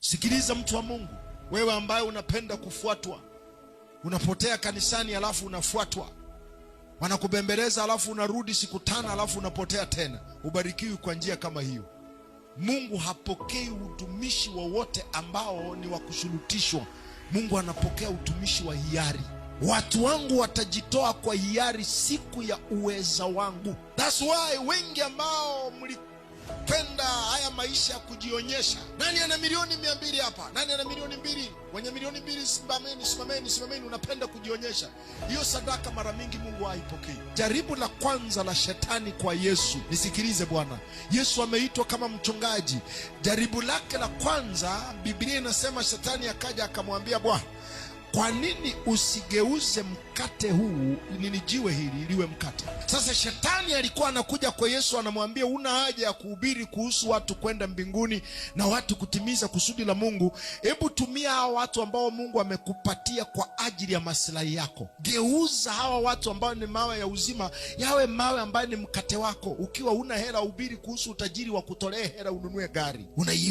Sikiliza mtu wa Mungu, wewe ambaye unapenda kufuatwa, unapotea kanisani alafu unafuatwa, wanakubembeleza alafu unarudi siku tano alafu unapotea tena. Ubarikiwi kwa njia kama hiyo. Mungu hapokei utumishi wowote ambao ni wa kushurutishwa. Mungu anapokea utumishi wa hiari. Watu wangu watajitoa kwa hiari siku ya uweza wangu. That's why wengi ambao mlipenda maisha ya kujionyesha. Nani ana milioni mia mbili hapa? Nani ana milioni mbili? Wenye milioni mbili, simameni, simameni, simameni! Unapenda kujionyesha. Hiyo sadaka mara mingi Mungu haipokei. Jaribu la kwanza la shetani kwa Yesu, nisikilize Bwana. Yesu ameitwa kama mchungaji. Jaribu lake la kwanza, Biblia inasema shetani akaja akamwambia Bwana kwa nini usigeuze mkate huu nini jiwe hili liwe mkate? Sasa shetani alikuwa anakuja kwa Yesu anamwambia, una haja ya kuhubiri kuhusu watu kwenda mbinguni na watu kutimiza kusudi la Mungu. Hebu tumia hawa watu ambao Mungu amekupatia kwa ajili ya maslahi yako. Geuza hawa watu ambao ni mawe ya uzima yawe mawe ambayo ni mkate wako. Ukiwa una hela, hubiri kuhusu utajiri wa kutolea hela ununue gari una